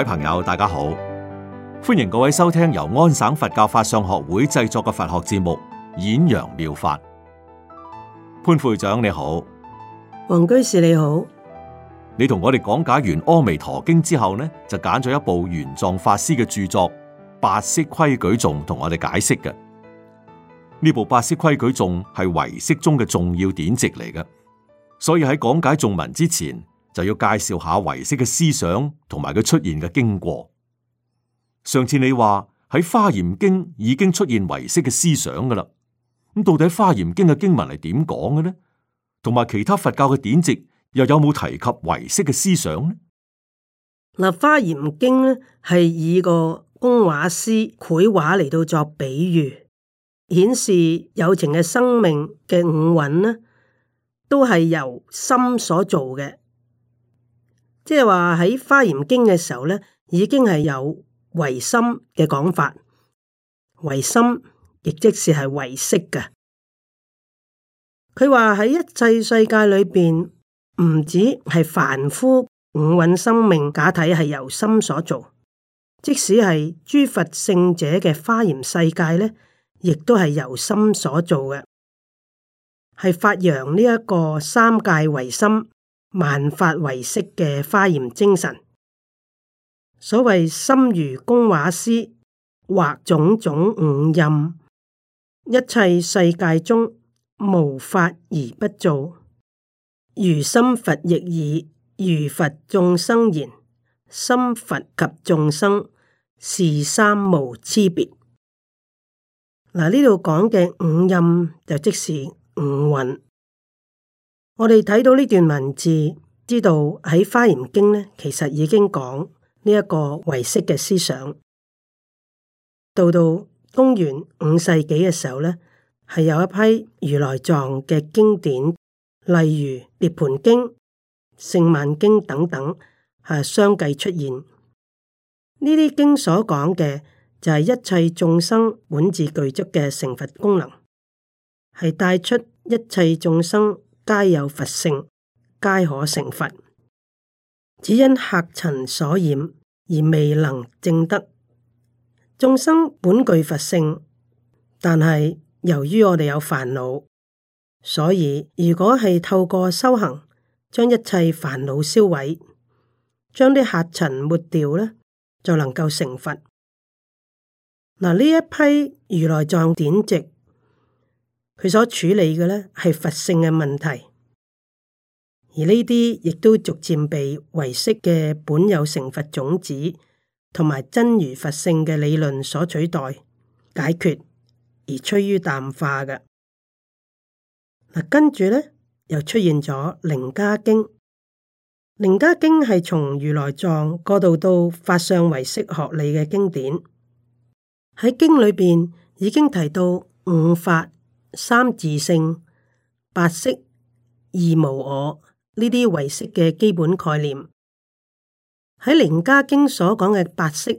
各位朋友，大家好，歡迎各位收聽由安省佛教法相學會製作嘅佛學節目《演揚妙，妙法》。潘會長你好，黃居士你好，你同我哋講解完《阿彌陀經》之後呢，就揀咗一部玄奘法師嘅著作《八識規矩頌》同我哋解釋嘅。呢部《八識規矩頌》係唯識中嘅重要典籍嚟嘅，所以喺講解頌文之前，就要介紹下唯識嘅思想同埋佢出現嘅經過。上次你話喺《華嚴經》已經出現唯識嘅思想噶啦，咁到底《華嚴經》嘅經文係點講嘅呢？同埋其他佛教嘅典籍又有冇提及唯識嘅思想呢？嗱，《華嚴經》咧係以個工畫師繪畫嚟到作比喻，顯示有情嘅生命嘅五蘊呢，都係由心所做嘅。即係話喺《華嚴經》嘅時候咧，已經係有唯心嘅講法，唯心亦即使是係唯識嘅。佢話喺一切世界裏邊，唔止係凡夫五蘊生命假體係由心所造，即使係諸佛聖者嘅華嚴世界咧，亦都係由心所造嘅，係發揚呢一個三界唯心，萬法為識嘅花嚴精神，所謂心如工畫師，畫種種五陰，一切世界中無法而不造。如心佛亦爾，如佛眾生然。心佛及眾生是三無差別。嗱、啊，呢度講嘅五陰就即是五蘊。我哋睇到呢段文字，知道喺《花嚴經華嚴經》呢，其實已經講呢一個唯識嘅思想。到到公元五世紀嘅時候呢，係有一批如來藏嘅經典，例如《涅槃經》、《勝鬘經》等等，係相繼出現。呢啲經所講嘅就係一切眾生本自具足嘅成佛功能，係帶出一切眾生，皆有佛性，皆可成佛，只因客塵所染而未能證得。眾生本具佛性，但係由於我哋有煩惱，所以如果係透過修行，將一切煩惱銷毀，將啲客塵抹掉呢，就能夠成佛。嗱，呢一批如來藏典籍。佢所處理嘅呢係佛性嘅問題，而呢啲亦都逐漸被唯識嘅本有成佛種子同埋真如佛性嘅理論所取代、解決而趨於淡化嘅。跟住呢，又出現咗《楞伽經》，《楞伽經》係從如來藏過渡到法相唯識學理嘅經典。喺經裏邊已經提到五法。三字性、白色、二無我呢啲為色嘅基本概念。喺《零家經》所講嘅白色，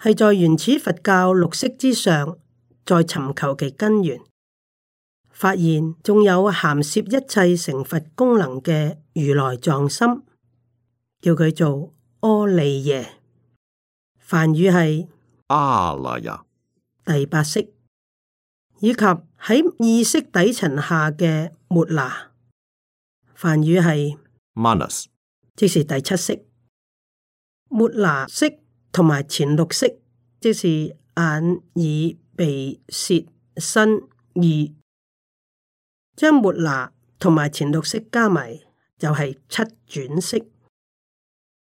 係在原始佛教六色之上，再尋求其根源，發現仲有含涉一切成佛功能嘅如來藏心，叫佢做阿利耶，梵語係阿賴呀，第八色。以及喺意識底層下嘅末拿，梵語係 manas，us. 即是第七識。末拿識同埋前六識，即是眼、耳、鼻、舌、身、意。將末拿同埋前六識加埋，就係七轉識。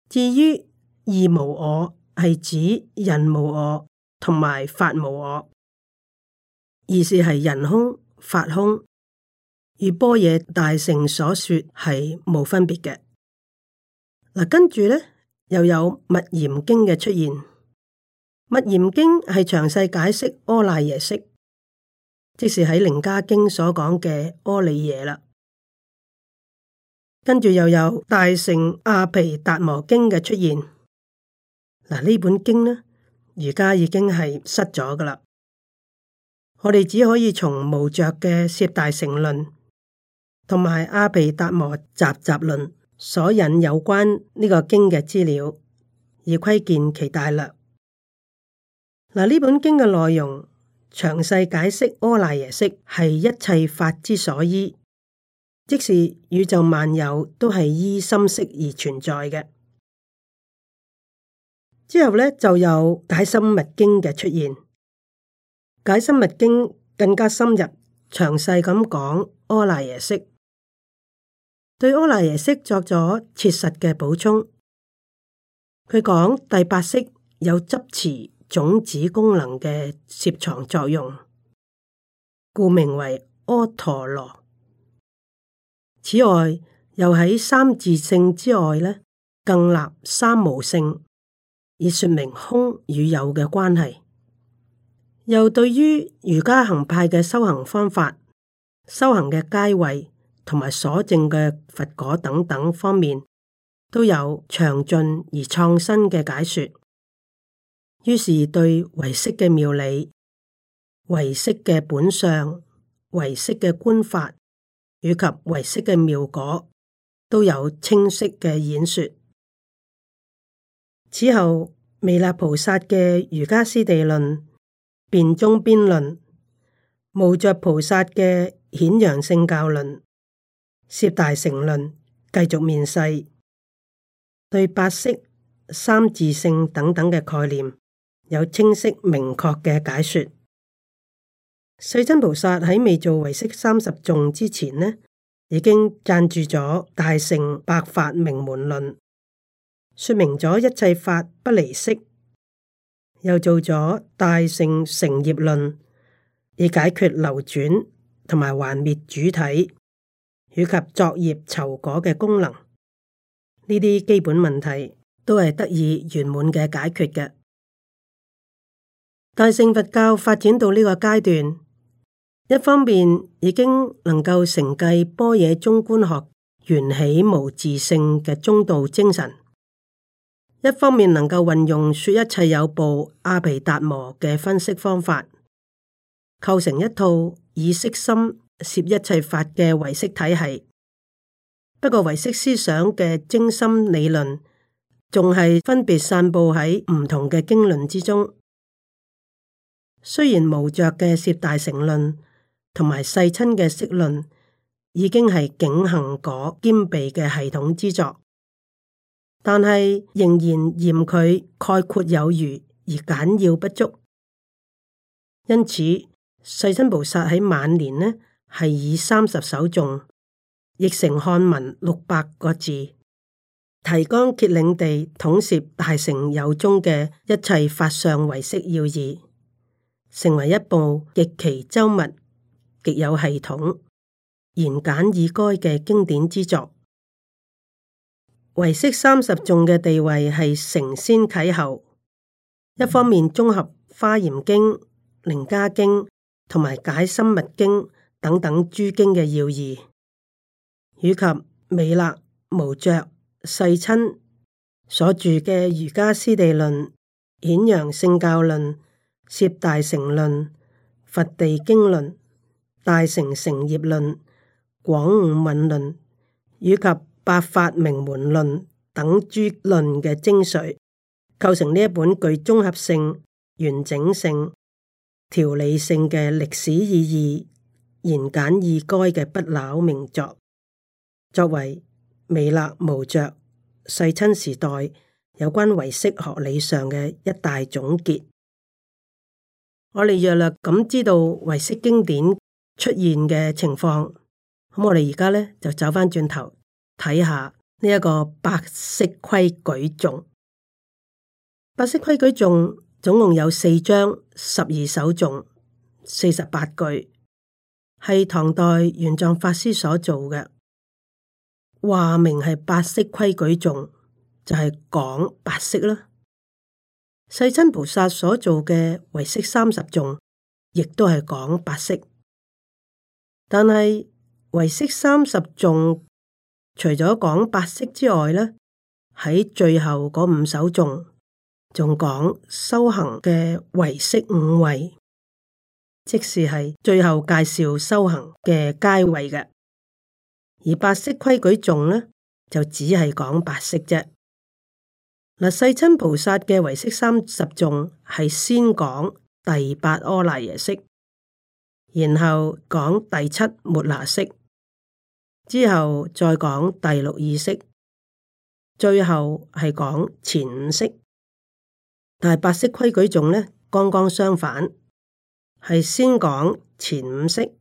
至於二無我係指人無我同埋法無我。意思係人空、法空，與般若大乘所說係冇分別嘅。嗱，跟住咧又有《密嚴經》嘅出現，《密嚴經》係詳細解釋阿賴耶識，即是喺《楞伽經》所講嘅阿理耶啦。跟住又有《大乘阿毗達磨經》嘅出現，嗱呢本經呢，而家已經係失咗噶啦。我哋只可以從無着嘅《攝大乘論》同埋阿毗達摩《雜集論》所引有關呢個經嘅資料，而窺見其大略。嗱，呢本經嘅內容詳細解釋，阿賴耶識係一切法之所依，即是宇宙萬有都係依心識而存在嘅。之後咧，就有《解深密經》嘅出現。《解深密經》更加深入詳細咁講阿賴耶識，對阿賴耶識作咗切實嘅補充。佢講第八識有執持種子功能嘅攝藏作用，故名為阿陀羅。此外，又喺三自性之外咧，更立三無性，以說明空與有嘅關係。又對於瑜伽行派嘅修行方法、修行嘅階位同埋所證嘅佛果等等方面，都有詳盡而創新嘅解說。於是對唯識嘅妙理、唯識嘅本相、唯識嘅觀法以及唯識嘅妙果，都有清晰嘅演說。此後彌勒菩薩嘅瑜伽師地論，辯中辯論，無着菩薩嘅顯揚性教論涉大乘論繼續面世，對八識三自性等等嘅概念有清晰明確嘅解說。世親菩薩喺未做唯識三十頌之前呢，已經贊住咗大乘百法明門論，說明咗一切法不離識。又做咗大乘成業論，以解決流轉同埋還滅主體以及作業酬果嘅功能，呢啲基本問題都係得以圓滿嘅解決嘅。大乘佛教發展到呢個階段，一方面已經能夠承繼般若中觀學緣起無自性嘅中道精神。一方面能夠運用說一切有部阿毗達磨嘅分析方法，構成一套以色心攝一切法嘅唯識體系。不過唯識思想嘅精深理論，仲係分別散布喺唔同嘅經論之中。雖然無著嘅攝大乘論同埋世親嘅釋論，已經係境行果兼備嘅系統之作。但係仍然嫌佢概括有餘而簡要不足，因此世親菩薩喺晚年呢，係以三十首頌，譯成漢文六百個字，提綱挈領地統攝大乘有宗嘅一切法相唯識要義，成為一部極其周密、極有系統、言簡意賅嘅經典之作。為釋三十眾嘅地位係承先啟後，一方面綜合《花嚴經》《靈家經》同埋《解心密經》等等諸經嘅要義，以及美勒無著、世親所著嘅《儒家師地論》《顯揚性教論》《涉大成論》《佛地經論》《大成成業論》《廣五問論》，以及。《百法明門論》等諸論嘅精髓，構成呢一本具綜合性、完整性、條理性嘅歷史意義、言簡意賅嘅不朽名作，作為彌勒無着世親時代有關唯識學理上嘅一大總結。我哋約略咁知道唯識經典出現嘅情況，咁我哋而家咧就走返轉頭。睇下呢一個八識規矩頌，八識規矩頌總共有四章十二首，頌四十八句，係唐代玄奘法師所做嘅。話明係八識規矩頌，就係、是、講八識啦。世親菩薩所做嘅唯識三十頌，亦都係講八識，但係唯識三十頌，除咗講八識之外呢，喺最後嗰五首頌仲講修行嘅唯識五位，即是係最後介紹修行嘅階位嘅。而八識規矩頌呢，就只係講八識啫。嗱，世親菩薩嘅唯識三十頌係先講第八阿賴耶識，然後講第七末那識。之後再講第六意識，最後係講前五識。但係八識規矩頌咧，剛剛相反，係先講前五識，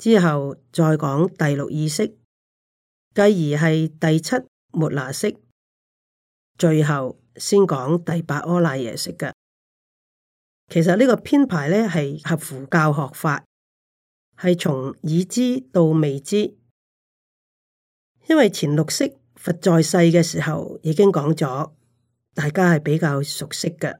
之後再講第六意識，繼而係第七末那識，最後先講第八阿賴耶識嘅。其實個編呢個編排咧係合乎教學法，係從已知到未知。因為前六識佛在世嘅時候已經講咗，大家係比較熟悉嘅。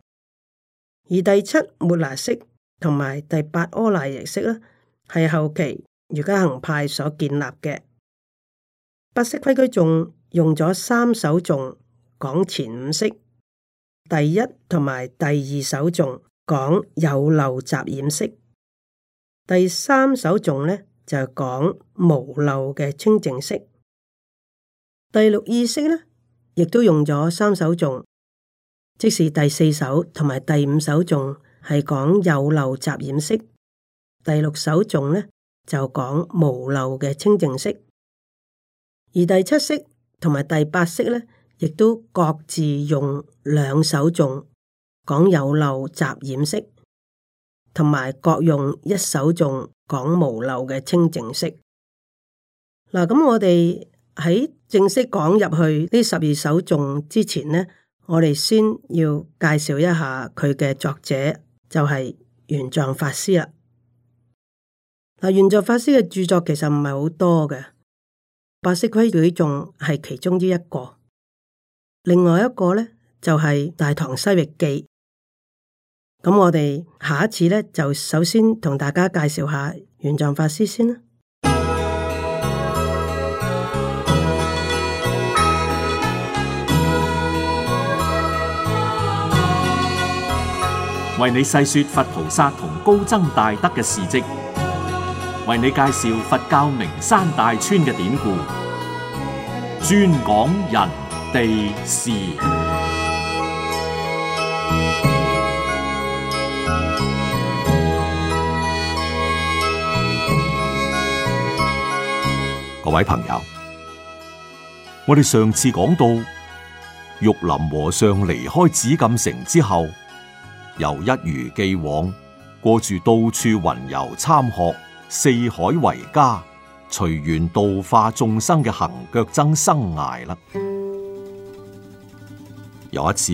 而第七末那識同埋第八阿賴耶識啦，係後期瑜伽行派所建立嘅。八識規矩仲用咗三首頌講前五識，第一同埋第二首頌講有漏雜染識，第三首頌呢就係、講無漏嘅清淨識。第六意識呢，亦都用咗三首頌，即是第四首同埋第五首頌係講有漏雜染識，第六首頌呢，就講無漏嘅清淨識，而第七識同埋第八識呢，亦都各自用兩首頌講有漏雜染識，同埋各用一首頌講無漏嘅清淨識。嗱，咁我哋喺正式講入去呢十二首頌之前呢，我哋先要介紹一下佢嘅作者，就係玄奘法師啦。嗱，玄奘法師嘅著作其實唔係好多嘅，八識規矩頌係其中之一個，另外一個咧就係大唐西域記。咁我哋下一次咧就首先同大家介紹下玄奘法師先啦。為你細說佛菩薩同高僧大德嘅事跡，為你介紹佛教名山大川嘅典故，專講人地事。各位朋友，我哋上次講到玉林和尚離開紫禁城之後。又一如既往過住到處雲遊參學，四海為家，隨緣度化眾生嘅行腳僧生涯啦。 有一次，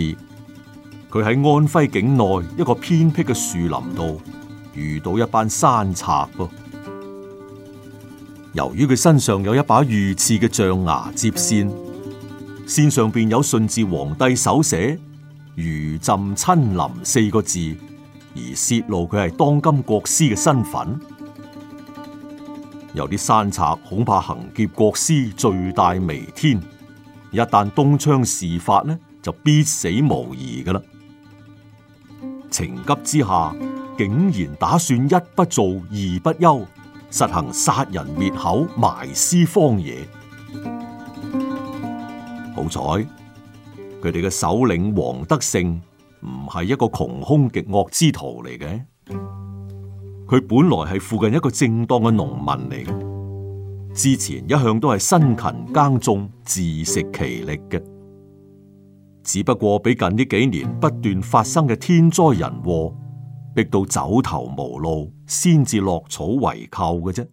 佢喺安徽境內一個偏僻嘅樹林度遇到一班山賊噃。由於佢身上有一把御賜嘅象牙摺扇，扇上邊有順治皇帝手寫。如朕親臨四個字，而泄露佢係當今國師嘅身份，有啲山賊恐怕行劫國師罪大彌天，一旦東窗事發呢，就必死無疑㗎喇。情急之下，竟然打算一不做二不休，實行殺人滅口，埋屍荒野。好彩。佢哋嘅首領王德勝唔係一個窮凶極惡之徒嚟嘅，佢本來係附近一個正當嘅農民嚟，之前一向都係辛勤耕種自食其力嘅，只不過畀近呢幾年不斷發生嘅天災人禍，逼到走投無路，先至落草為寇嘅啫。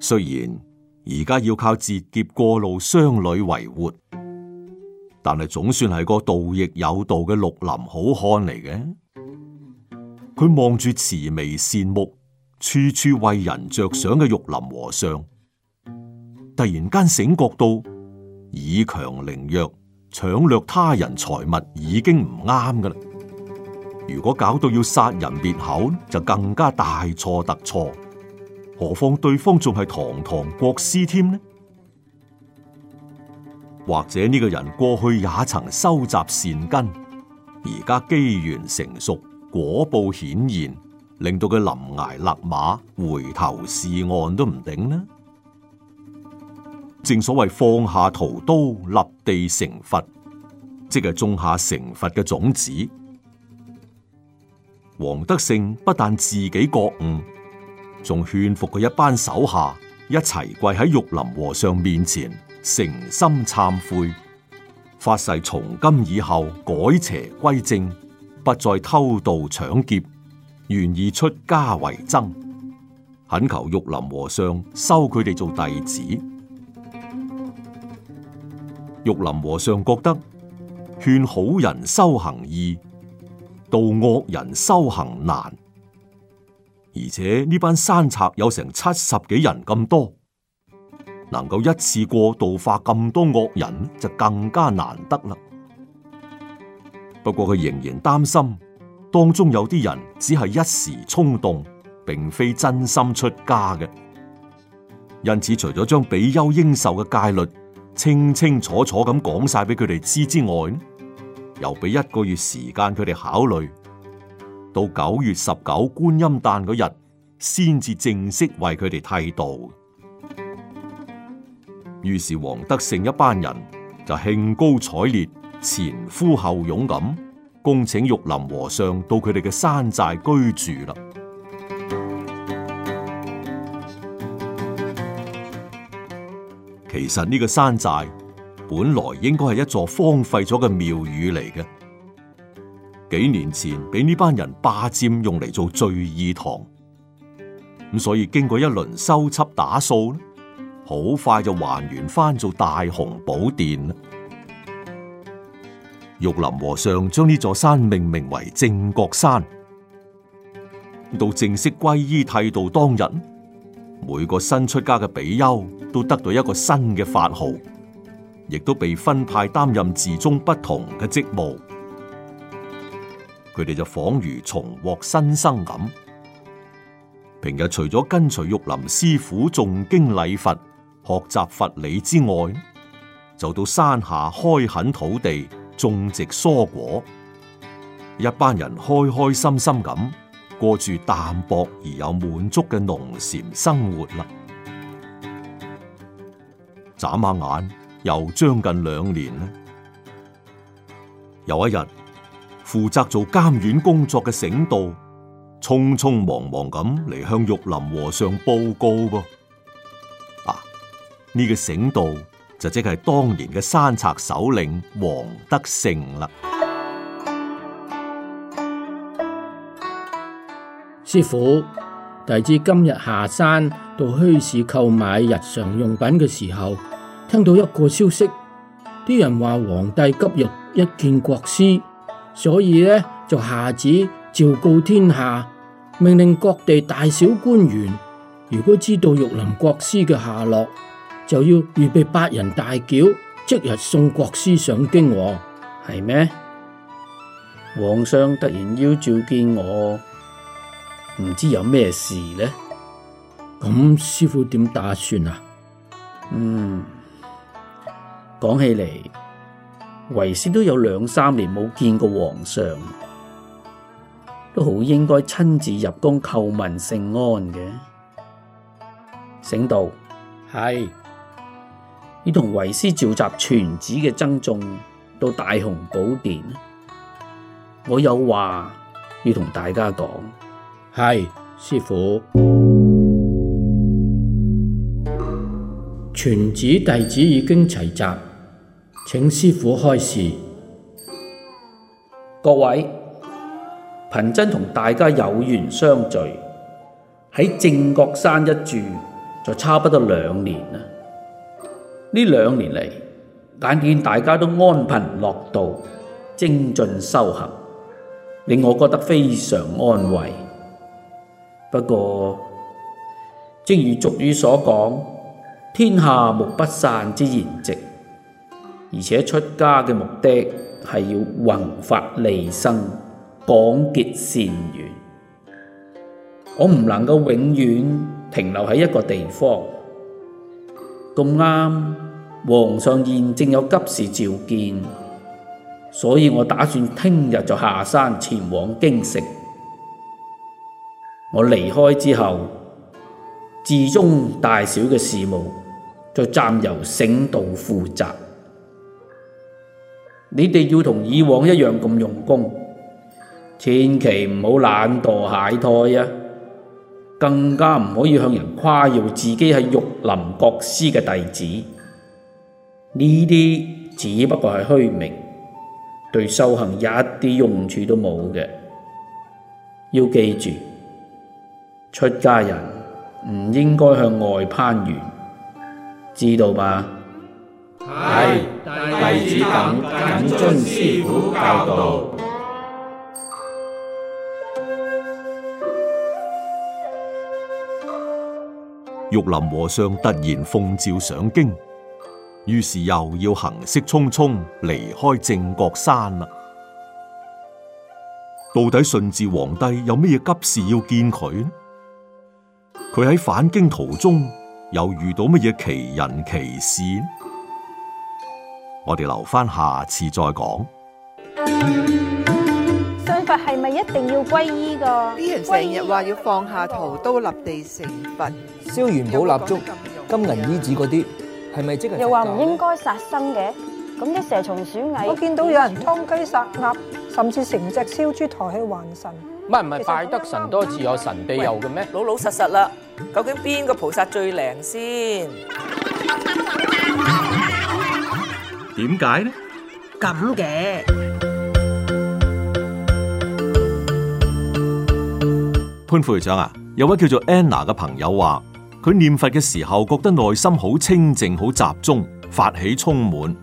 雖然而家要靠截劫過路商旅為活。但係總算係個盜亦有道嘅綠林好漢嚟嘅，佢望住慈眉善目、處處為人着想嘅玉林和尚，突然間醒覺到以強凌弱、搶掠他人財物已經唔啱噶啦，如果搞到要殺人滅口，就更加大錯特錯，何況對方仲係堂堂國師添呢？或者呢個人過去也曾收集善根，而家機緣成熟，果報顯然，令到佢臨崖勒馬、回頭是岸都唔定呢？正所謂放下屠刀、立地成佛，即係種下成佛嘅種子。王德勝不但自己覺悟，仲勸服佢一班手下一齊跪喺玉林和尚面前。誠心懺悔，發誓從今以後改邪歸正，不再偷盜搶劫，願意出家為僧，懇求玉林和尚收佢哋做弟子。玉林和尚覺得勸好人修行易，導惡人修行難，而且呢班山賊有成七十幾人咁多。能夠一次過度化咁多惡人就更加難得啦。不過佢仍然擔心當中有啲人只係一時衝動，並非真心出家嘅。因此，除咗將比丘應受嘅戒律清清楚楚咁講晒俾佢哋知之外，又俾一個月時間佢哋考慮，到九月十九觀音誕嗰日，先至正式為佢哋剃度。於是黃德勝一班人就興高采烈、前呼後擁咁，恭請玉林和尚到佢哋嘅山寨居住啦。其實呢個山寨本來應該係一座荒廢咗嘅廟宇嚟嘅，幾年前俾呢班人霸占用嚟做聚義堂，咁所以經過一輪修葺打掃好快就還原翻做大雄寶殿。玉林和尚將呢座山命名為正國山。到正式歸依剃度當日，每個新出家嘅比丘都得到一個新嘅法號，亦都被分派擔任寺中不同嘅職務。佢哋就恍如重獲新生咁。平日除咗跟隨玉林師傅誦經禮佛，學習佛理之外，就到山下開墾土地，種植蔬果。一班人開開心心咁過住淡薄而又滿足嘅農禪生活啦。眨下眼又將近兩年啦。有一日，負責做監院工作嘅醒道，匆匆忙忙咁嚟向玉林和尚報告噃。呢個醒道就即係當年嘅山賊首領王德成啦。師傅，弟子今日下山到墟市購買日常用品嘅時候，聽到一個消息，啲人話皇帝急欲一見國師，所以呢，就下旨昭告天下，命令各地大小官員，如果知道玉林國師嘅下落。就要預備八人大轎，即日送國師上京，係咩？皇上突然要召見我，唔知有咩事呢？咁師傅點打算啊？嗯，講起嚟，為師都有兩三年冇見過皇上，都好應該親自入宮叩問聖安嘅。醒道係。要同為師召集全寺嘅僧眾到大雄寶殿。我有話要同大家講。係師傅，全寺弟子已經齊集，請師傅開示。各位，貧僧同大家有緣相聚喺正覺山一住，就差不多兩年啦。呢兩年嚟，眼見大家都安貧樂道、精進修行，令我覺得非常安慰。不過，正如俗語所講：天下無不散之筵席。而且出家嘅目的係要弘法利生、廣結善緣。我唔能夠永遠停留喺一個地方咁啱。皇上現正有急事召見，所以我打算聽日就下山前往京城。我離開之後，寺中大小嘅事務就暫由醒道負責。你哋要同以往一樣咁用功，千祈唔好懶惰懈怠啊！更加唔可以向人誇耀自己係玉林國師嘅弟子。呢啲只不過係虛名，對修行一啲用處都冇嘅。要記住，出家人唔應該向外攀緣，知道吧？係，弟子等謹遵師父教導。玉林和尚突然奉召上京。於是又要行色匆匆離開正覺山啦。到底順治皇帝有咩嘢急事要見佢？佢喺返京途中又遇到乜嘢奇人奇事？我哋留翻下次再講。信佛係咪一定要皈依噶？啲人成日話要放下屠刀，立地成佛，燒元寶蠟燭，有有金銀衣紙嗰啲。係咪即係又話唔應該殺生嘅？咁啲蛇蟲鼠蟻，我見到有人劏雞殺鴨，甚至成隻燒豬抬起還神。唔係拜得神多，自有神庇佑嘅咩？老老實實啦，究竟邊個菩薩最靈先？點解呢？咁嘅潘副隊長啊，有位叫做 Anna 嘅朋友話。佢念佛嘅時候，覺得內心好清靜，好集中，法喜充滿。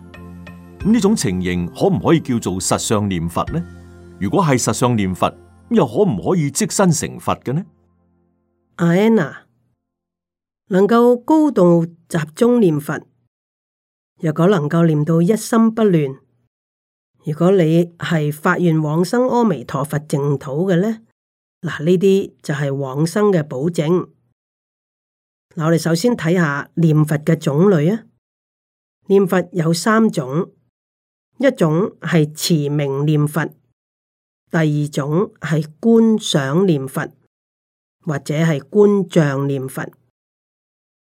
咁、嗯、呢種情形可唔可以叫做實相念佛呢？如果係實相念佛，又可唔可以即身成佛嘅呢？阿安娜能夠高度集中念佛，若果能夠念到一心不亂，如果你係發願往生阿彌陀佛淨土嘅呢，嗱呢啲就係往生嘅保證。嗱，我哋首先睇下念佛嘅種類啊。念佛有三種，一種係持名念佛，第二種係觀想念佛，或者係觀像念佛，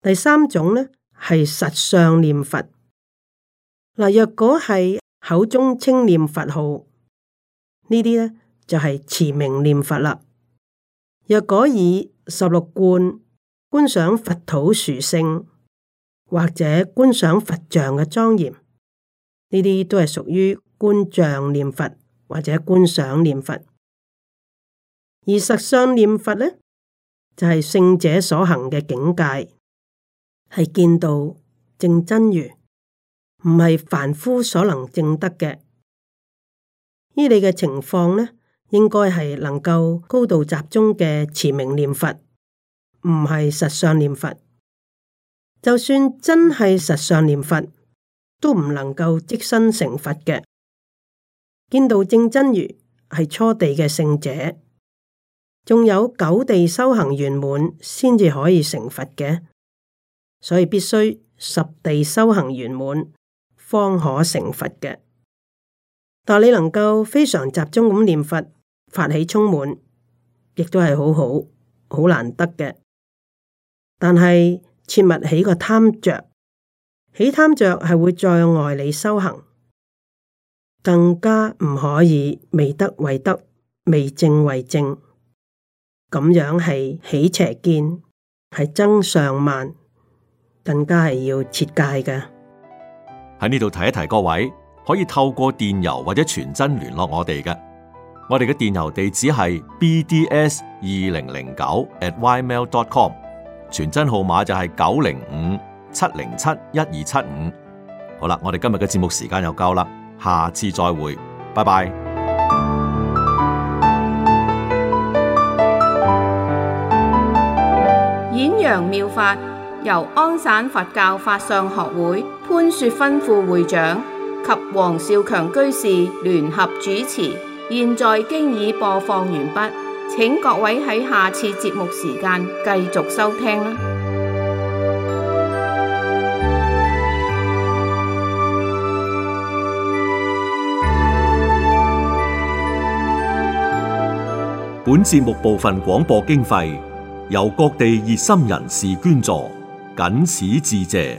第三種呢係實相念佛。嗱，若果係口中稱念佛號，呢啲呢就係、是、持名念佛啦。若果以十六觀。觀賞佛土殊勝，或者觀賞佛像嘅莊嚴，呢啲都係屬於觀像念佛或者觀想念佛。而實相念佛呢，就係、是、聖者所行嘅境界，係見到正真如，唔係凡夫所能證得嘅。依你嘅情況呢，應該係能夠高度集中嘅持名念佛。唔係實相念佛，就算真係實相念佛，都唔能夠即身成佛嘅。見到正真如係初地嘅聖者，仲有九地修行圓滿先至可以成佛嘅，所以必須十地修行圓滿方可成佛嘅。但你能夠非常集中咁念佛，發起充滿，亦都係好好好難得嘅。但係切勿起個貪着，起貪着係會阻礙你修行，更加唔可以未得為得，未正為正，咁樣係起邪見，係增上慢，更加係要切戒嘅。喺呢度提一提，各位可以透過電郵或者傳真聯絡我哋嘅，我哋嘅電郵地址係 bds 二零零九 at ymail.com。傳真號碼就係九零五七零七一二七五。好啦，我哋今日嘅節目時間又夠啦，下次再會，拜拜。演揚妙法由安省佛教法相學會潘雪芬副會長及黃少強居士聯合主持，現在經已播放完畢。請各位喺下次節目時間繼續收聽。本節目部分廣播經費由各地熱心人士捐助，謹此致謝。